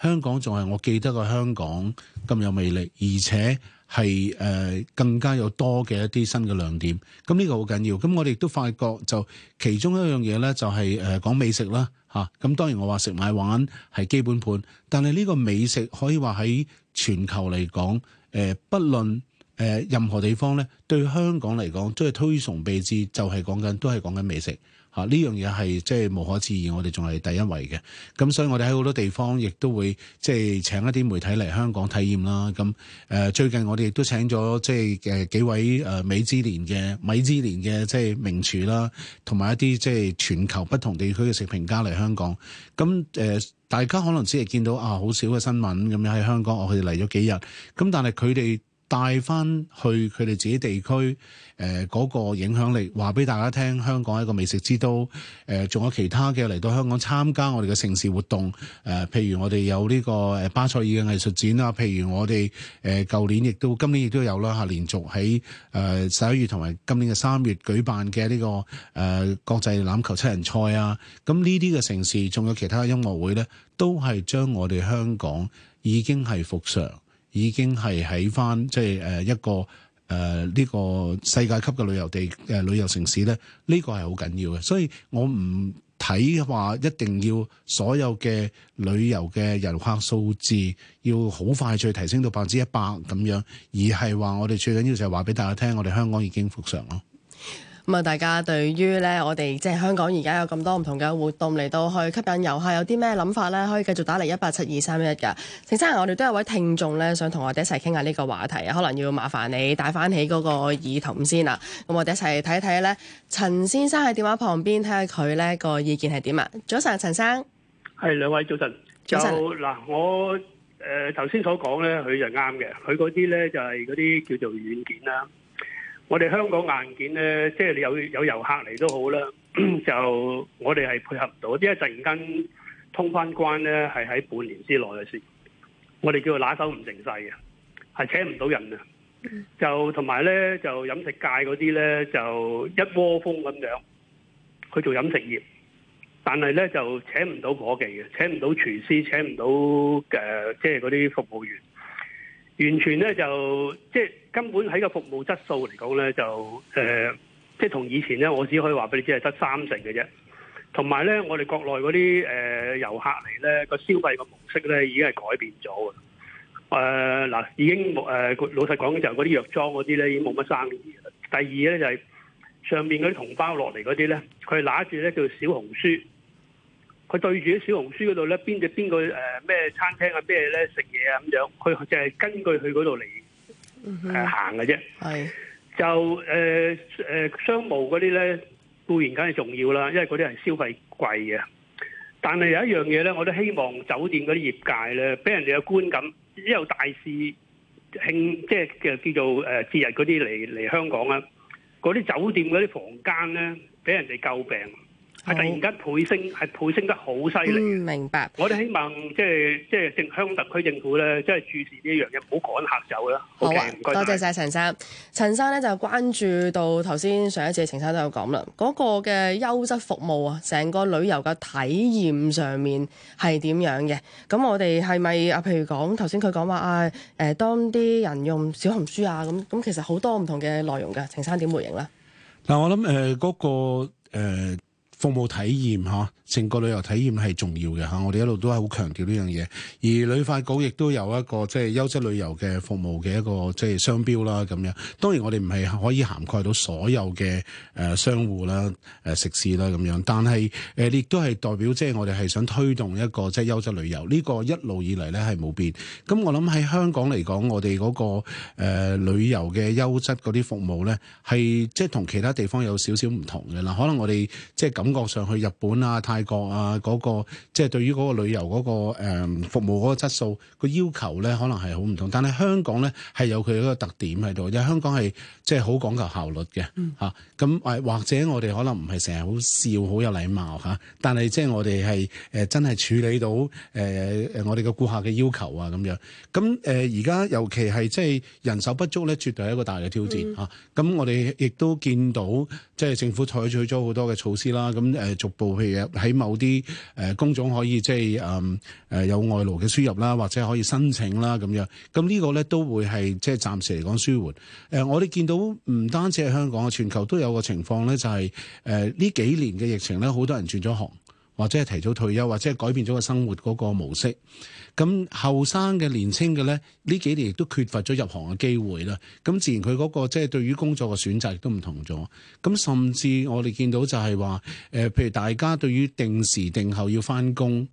香港仲係我記得個香港咁有魅力，而且係誒更加有多嘅一啲新嘅亮點。咁呢個好緊要。咁我哋亦都發覺就其中一樣嘢呢，就係誒講美食啦嚇。咁當然我話食買玩係基本盤，但係呢個美食可以話喺全球嚟講，誒不論誒任何地方呢，對香港嚟講都係推崇備至，就係、是、講緊都係講緊美食。嚇呢樣嘢係即係無可置疑，我哋仲係第一位嘅。咁所以我哋喺好多地方亦都會即係請一啲媒體嚟香港體驗啦。咁誒、呃、最近我哋亦都請咗即係嘅幾位誒、呃、米芝蓮嘅米芝蓮嘅即係名廚啦，同埋一啲即係全球不同地區嘅食評家嚟香港。咁誒、呃、大家可能只係見到啊好少嘅新聞咁樣喺香港，我哋嚟咗幾日。咁但係佢哋。帶翻去佢哋自己地區，誒、呃、嗰、那個影響力話俾大家聽。香港係一個美食之都，誒、呃、仲有其他嘅嚟到香港參加我哋嘅盛事活動，誒、呃、譬如我哋有呢個誒巴塞爾嘅藝術展啊，譬如我哋誒舊年亦都，今年亦都有啦嚇、啊，連續喺誒十一月同埋今年嘅三月舉辦嘅呢、這個誒、呃、國際欖球七人賽啊，咁呢啲嘅盛事仲有其他音樂會呢，都係將我哋香港已經係復常。已經係喺翻即係一個誒呢、呃呢個世界級嘅旅遊地誒、呃、旅遊城市呢，呢、呢個係好緊要嘅，所以我唔睇話一定要所有嘅旅遊嘅遊客數字要好快脆提升到百分之一百咁樣，而係話我哋最緊要就係話俾大家聽，我哋香港已經復常咯。咁啊，大家對於咧，我哋即係香港而家有咁多唔同嘅活動嚟到去吸引遊客，有啲咩諗法咧？可以繼續打嚟一八七二三一㗎。程生，我哋都有位聽眾咧，想同我哋一齊傾下呢個話題啊，可能要麻煩你帶翻起嗰個耳筒先啦。咁我哋一齊睇一睇咧，陳先生喺電話旁邊，睇下佢咧個意見係點啊？早晨，陳生，係兩位早晨。早晨安。嗱，我誒頭先所講咧，佢就啱嘅。佢嗰啲咧就係嗰啲叫做軟件啦。我哋香港硬件咧，即係你有有遊客嚟都好啦， 就我哋係配合唔到，即係突然間通翻關咧，係喺半年之內嘅事。我哋叫做拿手唔成世嘅，係請唔到人啊！就同埋咧，就飲食界嗰啲咧，就一窩蜂咁樣去做飲食業，但係咧就請唔到夥計嘅，請唔到廚師，請唔到誒，即係嗰啲服務員。完全咧就即係根本喺個服務質素嚟講咧就誒、呃、即係同以前咧，我只可以話俾你知係得三成嘅啫，同埋咧，我哋國內嗰啲誒遊客嚟咧，個消費個模式咧已經係改變咗嘅，誒、呃、嗱，已經冇誒、呃、老實講，就嗰啲藥妝嗰啲咧已經冇乜生意。第二咧就係、是、上面嗰啲同胞落嚟嗰啲咧，佢拿住咧叫做小紅書。佢對住啲小紅書嗰度咧，邊隻邊個誒咩、呃、餐廳啊咩咧食嘢啊咁樣，佢就係根據佢嗰度嚟誒行嘅啫。係、mm hmm. 就誒誒、呃呃、商務嗰啲咧固然梗係重要啦，因為嗰啲係消費貴嘅。但係有一樣嘢咧，我都希望酒店嗰啲業界咧，俾人哋有觀感，一有大事慶，即、就、係、是、叫做誒節日嗰啲嚟嚟香港啊，嗰啲酒店嗰啲房間咧，俾人哋詬病。係突然間倍升，係倍升得好犀利。嗯，明白。我哋希望即係即係政香港特區政府咧，即係注視呢一樣嘢，唔好趕客走啦。好嘅，多謝晒，陳生。陳生咧就關注到頭先上一次程生都有講啦，嗰個嘅優質服務啊，成個旅遊嘅體驗上面係點樣嘅？咁我哋係咪啊？譬如講頭先佢講話啊，誒，當啲人用小紅書啊，咁咁其實好多唔同嘅內容㗎。程生點回應咧？嗱，我諗誒嗰個、呃服務體驗吓，整個旅遊體驗係重要嘅吓，我哋一路都係好強調呢樣嘢。而旅發局亦都有一個即係優質旅遊嘅服務嘅一個即係、就是、商標啦咁樣。當然我哋唔係可以涵蓋到所有嘅誒商戶啦、誒、呃、食肆啦咁樣，但係誒亦都係代表即係、就是、我哋係想推動一個即係優質旅遊呢、這個一路以嚟咧係冇變。咁我諗喺香港嚟講，我哋嗰、那個、呃、旅遊嘅優質嗰啲服務咧係即係同其他地方有少少唔同嘅啦。可能我哋即係咁。感覺上去日本啊、泰國啊，嗰、那個即係、就是、對於嗰個旅遊嗰、那個誒、嗯、服務嗰個質素個要求咧，可能係好唔同。但係香港咧係有佢一個特點喺度，因為香港係即係好講求效率嘅吓。咁誒、嗯啊，或者我哋可能唔係成日好笑、好有禮貌吓、啊，但係即係我哋係誒真係處理到誒誒、呃、我哋嘅顧客嘅要求啊咁樣。咁誒而家尤其係即係人手不足咧，絕對係一個大嘅挑戰吓。咁、嗯啊嗯、我哋亦都見到即係、就是、政府採取咗好多嘅措施啦。咁、啊啊咁誒逐步譬如喺某啲誒工種可以即係誒誒有外勞嘅輸入啦，或者可以申請啦咁樣，咁呢個咧都會係即係暫時嚟講舒緩。誒、呃，我哋見到唔單止係香港啊，全球都有個情況咧，就係誒呢幾年嘅疫情咧，好多人轉咗行。或者係提早退休，或者係改變咗個生活嗰個模式。咁後生嘅年輕嘅咧，呢幾年亦都缺乏咗入行嘅機會啦。咁自然佢嗰個即係對於工作嘅選擇亦都唔同咗。咁甚至我哋見到就係話，誒，譬如大家對於定時定候要返工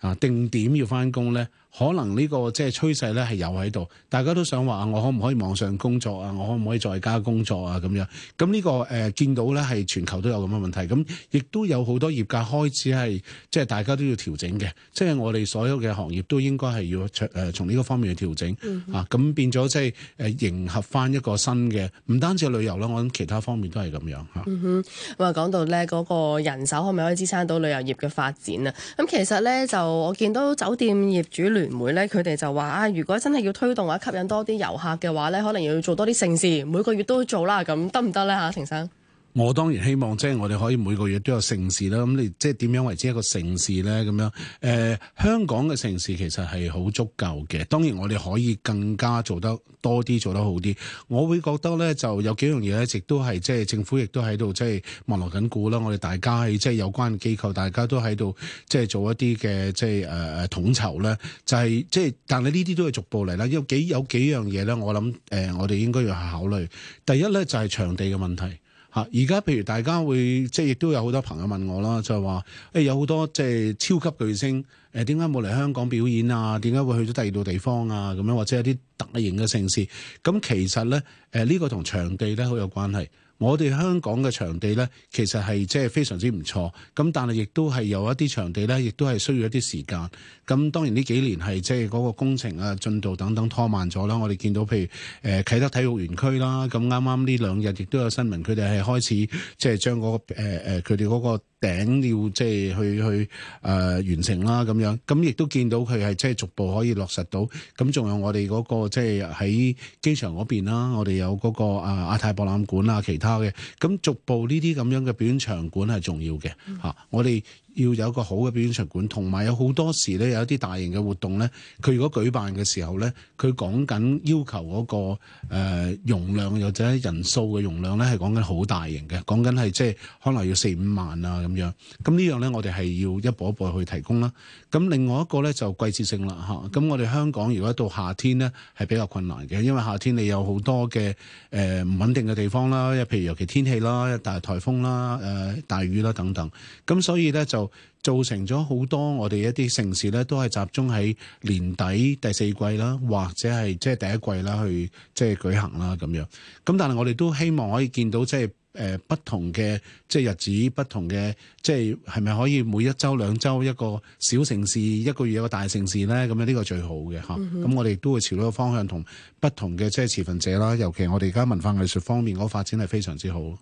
啊，定點要返工咧。可能呢個即係趨勢咧係有喺度，大家都想話我可唔可以網上工作啊？我可唔可以在家工作啊？咁樣，咁呢個誒，見到咧係全球都有咁嘅問題，咁亦都有好多業界開始係即係大家都要調整嘅，即係我哋所有嘅行業都應該係要誒從呢個方面去調整，嗯、哼啊。咁變咗即係誒迎合翻一個新嘅，唔單止旅遊啦，我諗其他方面都係咁樣吓，咁啊講，嗯、到咧嗰個人手可唔可以支撐到旅遊業嘅發展啊？咁其實咧就我見到酒店業主聯唔會咧，佢哋就話啊，如果真係要推動或者吸引多啲遊客嘅話咧，可能要做多啲盛事，每個月都做啦，咁得唔得咧？吓，程生。我當然希望，即係我哋可以每個月都有盛事啦。咁你即係點樣為之一個盛事咧？咁樣誒、呃，香港嘅盛事其實係好足夠嘅。當然我哋可以更加做得多啲，做得好啲。我會覺得咧，就有幾樣嘢一直都係即係政府亦都喺度即係望落緊鼓啦。我哋大家係即係有關嘅機構，大家都喺度即係做一啲嘅即係誒誒統籌咧。就係、是、即係，但係呢啲都係逐步嚟啦。有幾有幾樣嘢咧，我諗誒、呃，我哋應該要考慮第一咧，就係、是、場地嘅問題。而家譬如大家會即係亦都有好多朋友問我啦，就係話誒有好多即係超級巨星誒點解冇嚟香港表演啊？點解會去咗第二度地方啊？咁樣或者一啲大型嘅城市，咁其實咧誒呢個同場地咧好有關係。我哋香港嘅場地咧，其實係即係非常之唔錯，咁但係亦都係有一啲場地咧，亦都係需要一啲時間。咁當然呢幾年係即係嗰個工程啊、進度等等拖慢咗啦。我哋見到譬如誒、呃、啟德體育園區啦，咁啱啱呢兩日亦都有新聞，佢哋係開始即係將嗰個誒佢哋嗰個。呃呃頂要即係去去誒完成啦咁樣，咁亦都見到佢係即係逐步可以落實到，咁仲有我哋嗰個即係喺機場嗰邊啦，我哋有嗰個啊亞太博覽館啊，其他嘅，咁逐步呢啲咁樣嘅表演場館係重要嘅吓，我 哋樂。 要有一個好嘅表演場館，同埋有好多時咧，有一啲大型嘅活動咧，佢如果舉辦嘅時候咧，佢講緊要求嗰個、呃、容量又或者人數嘅容量咧，係講緊好大型嘅，講緊係即係可能要四五萬啊咁樣。咁呢樣咧，我哋係要一步一步去提供啦。咁另外一個咧就季節性啦，嚇、啊。咁我哋香港如果到夏天咧，係比較困難嘅，因為夏天你有好多嘅誒唔穩定嘅地方啦，譬如尤其天氣啦、大颱風啦、誒、呃、大雨啦等等。咁所以咧就造成咗好多我哋一啲城市呢，都係集中喺年底第四季啦，或者係即係第一季啦，去即係舉行啦咁樣。咁但係我哋都希望可以見到即係。誒、呃、不同嘅即係日子，不同嘅即係係咪可以每一週兩週一個小城市，一個月一個大城市咧？咁樣呢、呢個最好嘅嚇。咁、嗯哼啊、我哋都會朝呢個方向，同不同嘅即係持份者啦，尤其我哋而家文化藝術方面嗰個發展係非常之好。嚟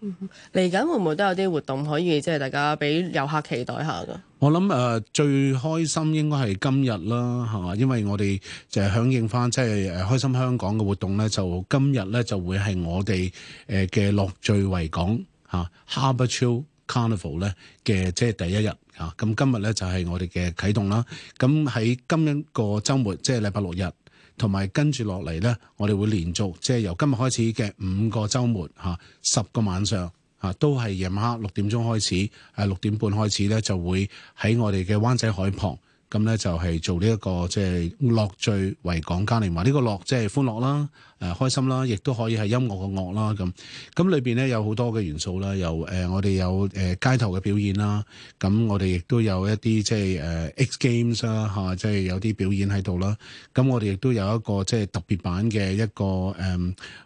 緊、嗯、會唔會都有啲活動可以即係大家俾遊客期待下㗎？我諗誒、啊、最開心應該係今日啦，嚇、啊！因為我哋就係響應翻即係誒開心香港嘅活動咧，就今日咧就會係我哋誒嘅樂聚維港嚇、啊、Harbourview Carnival 咧嘅即、就、係、是、第一日嚇。咁、啊、今日咧就係、是、我哋嘅啟動啦。咁、啊、喺今一個週末即係禮拜六日，同埋跟住落嚟咧，我哋會連續即係、就是、由今日開始嘅五個週末嚇、啊，十個晚上。啊，都係夜晚黑六點鐘開始，誒六點半開始咧，就會喺我哋嘅灣仔海旁，咁咧就係做呢、這、一個即係樂聚維港嘉年華。呢、這個樂即係歡樂啦。誒、啊、開心啦，亦都可以係音樂嘅樂啦咁。咁裏邊咧有好多嘅元素啦，由誒、呃、我哋有誒、呃、街頭嘅表演啦，咁我哋亦都有一啲即係誒、呃、X Games 啦、啊、嚇，即係有啲表演喺度啦。咁我哋亦都有一個即係特別版嘅一個誒、呃、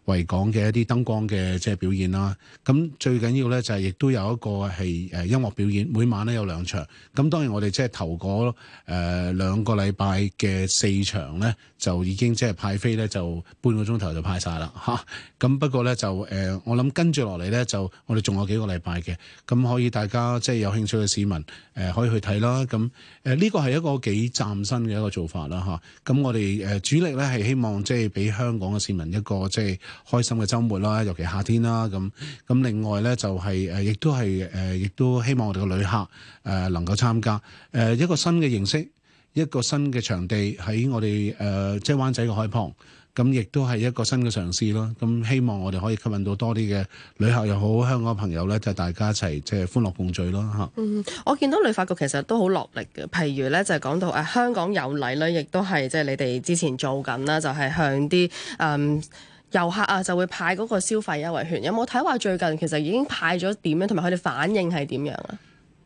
維港嘅一啲燈光嘅即係表演啦。咁最緊要咧就係亦都有一個係誒音樂表演，每晚咧有兩場。咁當然我哋即係頭嗰誒、呃、兩個禮拜嘅四場咧。就已經即係派飛咧，就半個鐘頭就派晒啦嚇。咁、啊、不過咧就誒、呃，我諗跟住落嚟咧就我哋仲有幾個禮拜嘅，咁可以大家即係有興趣嘅市民誒、呃、可以去睇啦。咁誒呢個係一個幾嶄新嘅一個做法啦嚇。咁、啊、我哋誒、呃、主力咧係希望即係俾香港嘅市民一個即係開心嘅周末啦，尤其夏天啦咁。咁另外咧就係、是、誒、呃，亦都係誒、呃，亦都希望我哋嘅旅客誒、呃、能夠參加誒、呃、一個新嘅形式。一個新嘅場地喺我哋誒、呃，即係灣仔嘅海旁，咁亦都係一個新嘅嘗試咯。咁希望我哋可以吸引到多啲嘅旅客又好，香港朋友咧，就大家一齊即係歡樂共聚咯嚇。嗯，我見到旅發局其實都好落力嘅，譬如咧就係、是、講到誒、啊、香港有禮啦，亦都係即係你哋之前做緊啦，就係、是、向啲誒、嗯、遊客啊，就會派嗰個消費優惠券。有冇睇話最近其實已經派咗點樣，同埋佢哋反應係點樣啊？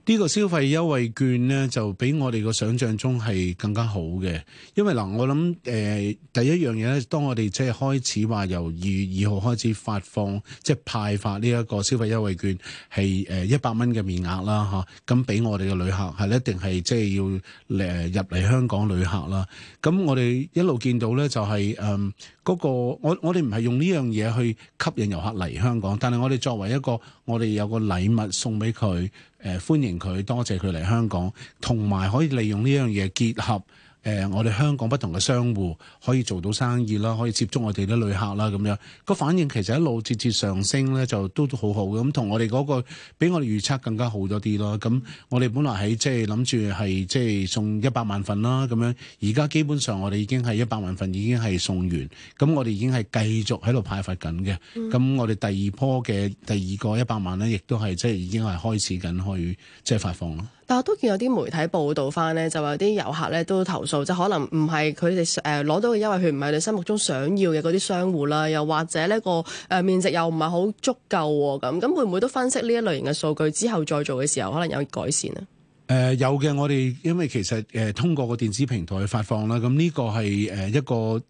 呢個消費優惠券呢，就比我哋個想象中係更加好嘅，因為嗱，我諗誒、呃、第一樣嘢咧，當我哋即係開始話由二月二號開始發放，即、就、係、是、派發呢一個消費優惠券係誒一百蚊嘅面額啦嚇，咁、啊、俾我哋嘅旅客係一定係即係要誒入嚟香港旅客啦。咁我哋一路見到呢、就是，就係誒嗰個我我哋唔係用呢樣嘢去吸引遊客嚟香港，但係我哋作為一個我哋有個禮物送俾佢。誒歡迎佢，多謝佢嚟香港，同埋可以利用呢樣嘢結合。誒、呃，我哋香港不同嘅商戶可以做到生意啦，可以接觸我哋啲旅客啦，咁樣、個反應其實一路節節上升咧，就都好好嘅。咁，同我哋嗰個比我哋預測更加好咗啲咯。咁、嗯、我哋本來喺即係諗住係即係送一百萬份啦，咁樣而家基本上我哋已經係一百萬份已經係送完，咁我哋已經係繼續喺度派發緊嘅。咁、嗯、我哋第二波嘅第二個一百萬咧，亦都係即係已經係開始緊去即係發放咯。啊！都見有啲媒體報道翻咧，就話有啲遊客咧都投訴，就可能唔係佢哋誒攞到嘅優惠券，唔係你心目中想要嘅嗰啲商戶啦，又或者呢個誒面積又唔係好足夠喎。咁咁會唔會都分析呢一類型嘅數據之後再做嘅時候，可能有改善咧？誒、呃、有嘅，我哋因為其實誒通過個電子平台去發放啦，咁、這、呢個係誒一個。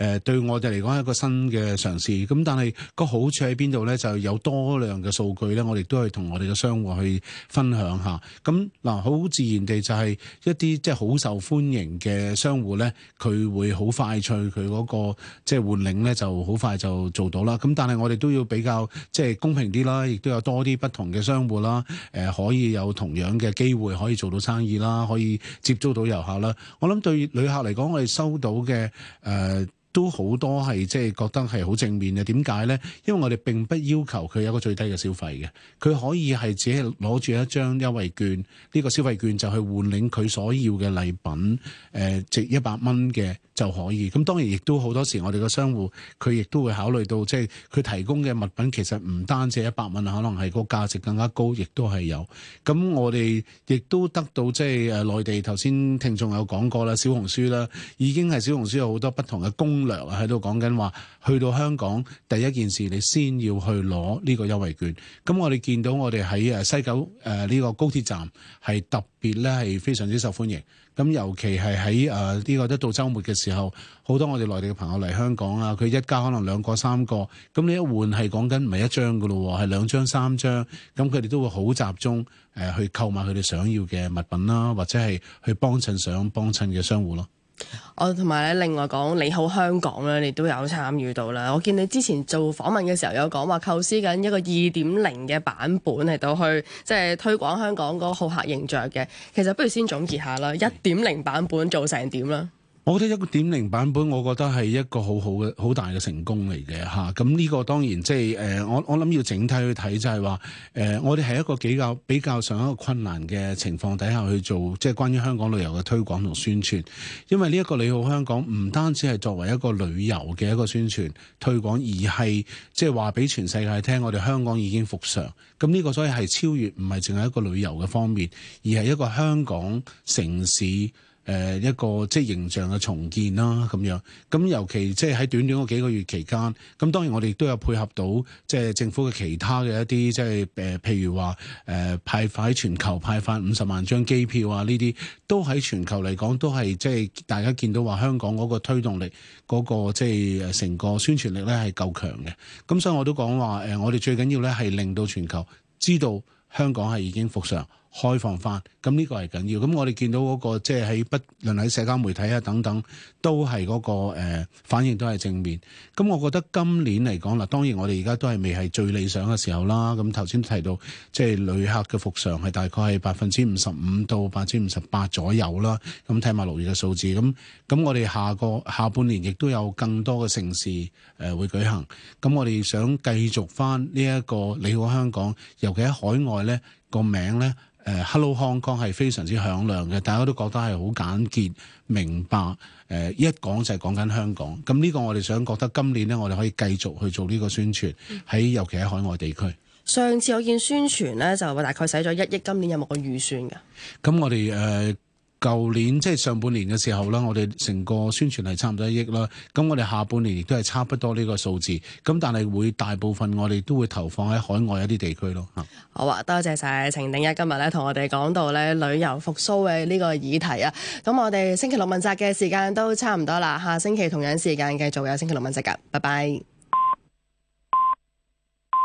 誒對我哋嚟講係一個新嘅嘗試，咁但係個好處喺邊度呢？就有多量嘅數據呢，我哋都係同我哋嘅商戶去分享下。咁嗱，好自然地就係一啲即係好受歡迎嘅商戶呢，佢會好快脆，佢嗰個即係換領呢就好快就做到啦。咁但係我哋都要比較即係、就是，公平啲啦，亦都有多啲不同嘅商戶啦，誒可以有同樣嘅機會可以做到生意啦，可以接觸到遊客啦。我諗對旅客嚟講，我哋收到嘅誒。呃都好多係即係覺得係好正面嘅，點解咧？因為我哋並不要求佢有個最低嘅消費嘅，佢可以係自己攞住一張優惠券，呢個消費券就去換領佢所要嘅禮品，誒、呃、值一百蚊嘅就可以。咁當然亦都好多時我哋嘅商戶佢亦都會考慮到，即係佢提供嘅物品其實唔單止一百蚊可能係個價值更加高，亦都係有。咁我哋亦都得到即係誒內地頭先聽眾有講過啦，小紅書啦，已經係小紅書有好多不同嘅公。喺度講緊話，去到香港第一件事，你先要去攞呢個優惠券。咁我哋見到我哋喺誒西九誒呢、呃這個高鐵站係特別咧，係非常之受歡迎。咁尤其係喺誒呢個一到週末嘅時候，好多我哋內地嘅朋友嚟香港啊，佢一家可能兩個三個，咁你一換係講緊唔係一張噶咯，係兩張三張，咁佢哋都會好集中誒、呃、去購買佢哋想要嘅物品啦，或者係去幫襯想幫襯嘅商戶咯。我同埋咧，另外講你好香港咧，啊，你都有參與到啦。我見你之前做訪問嘅時候有講話構思緊一個二點零嘅版本嚟到去，即係推廣香港嗰個好客形象嘅。其實不如先總結下啦，一點零版本做成點啦？我覺得一點零版本，我覺得係一個好好嘅好大嘅成功嚟嘅吓。咁、啊、呢個當然即係誒，我我諗要整體去睇，就係話誒，我哋係一個比較比較上一個困難嘅情況底下去做，即、就、係、是、關於香港旅遊嘅推廣同宣傳。因為呢、這、一個你好香港，唔單止係作為一個旅遊嘅一個宣傳推廣，而係即係話俾全世界聽，我哋香港已經復常。咁呢個所以係超越，唔係淨係一個旅遊嘅方面，而係一個香港城市。誒一個即係形象嘅重建啦，咁樣咁尤其即係喺短短嗰幾個月期間，咁當然我哋都有配合到即係政府嘅其他嘅一啲即係誒，譬如話誒派發全球派發五十萬張機票啊，呢啲都喺全球嚟講都係即係大家見到話香港嗰個推動力嗰個即係成個宣傳力咧係夠強嘅。咁所以我都講話誒，我哋最緊要咧係令到全球知道香港係已經復常。開放翻，咁呢個係緊要。咁我哋見到嗰、那個即係喺不，無論喺社交媒體啊等等，都係嗰、那個、呃、反應都係正面。咁我覺得今年嚟講啦，當然我哋而家都係未係最理想嘅時候啦。咁頭先提到即係、就是、旅客嘅復常係大概係百分之五十五到百分之五十八左右啦。咁睇埋六月嘅數字，咁咁我哋下個下半年亦都有更多嘅城市誒、呃、會舉行。咁我哋想繼續翻呢一個你好香港，尤其喺海外呢個名呢。誒 Hello Hong Kong 係非常之響亮嘅，大家都覺得係好簡潔、明白。誒一講就係講緊香港。咁呢個我哋想覺得今年呢，我哋可以繼續去做呢個宣傳，喺、嗯、尤其喺海外地區。上次我見宣傳呢，就大概使咗一億，今年有冇個預算㗎？咁我哋誒。呃舊年即係、就是、上半年嘅時候啦，我哋成個宣傳係差唔多一億啦。咁我哋下半年亦都係差不多呢個數字。咁但係會大部分我哋都會投放喺海外一啲地區咯。好啊，多謝晒。程鼎一今日咧同我哋講到咧旅遊復甦嘅呢個議題啊。咁我哋星期六問責嘅時間都差唔多啦，下星期同樣時間繼續有星期六問責㗎。拜拜。